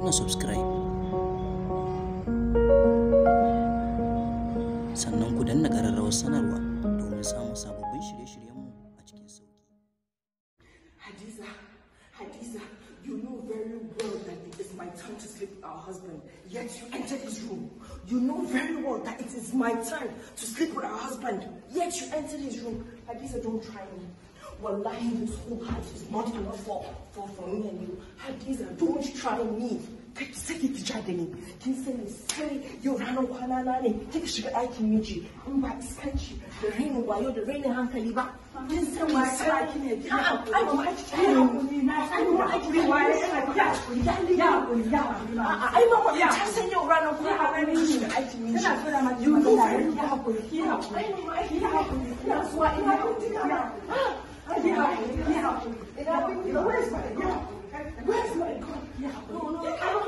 no subscribe sannan ku danna ƙararrawar sanarwa domin samun sababbin shirye-shiryenmu a cikin sauki. Hadiza, Hadiza, you know very well that my time to sleep with our husband, yet you entered his room. You know very well that it is my time to sleep with our husband, yet you entered his room. Hadiza, don't try me. lying this whole house. is not enough for, for, for me and you. Hadiza, don't try me sai ki tija da ni kin where's my no no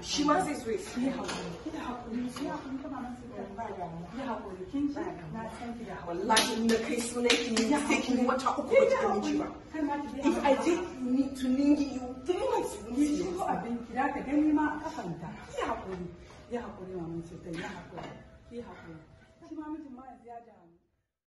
She wants this race. If I take to ningi you three months,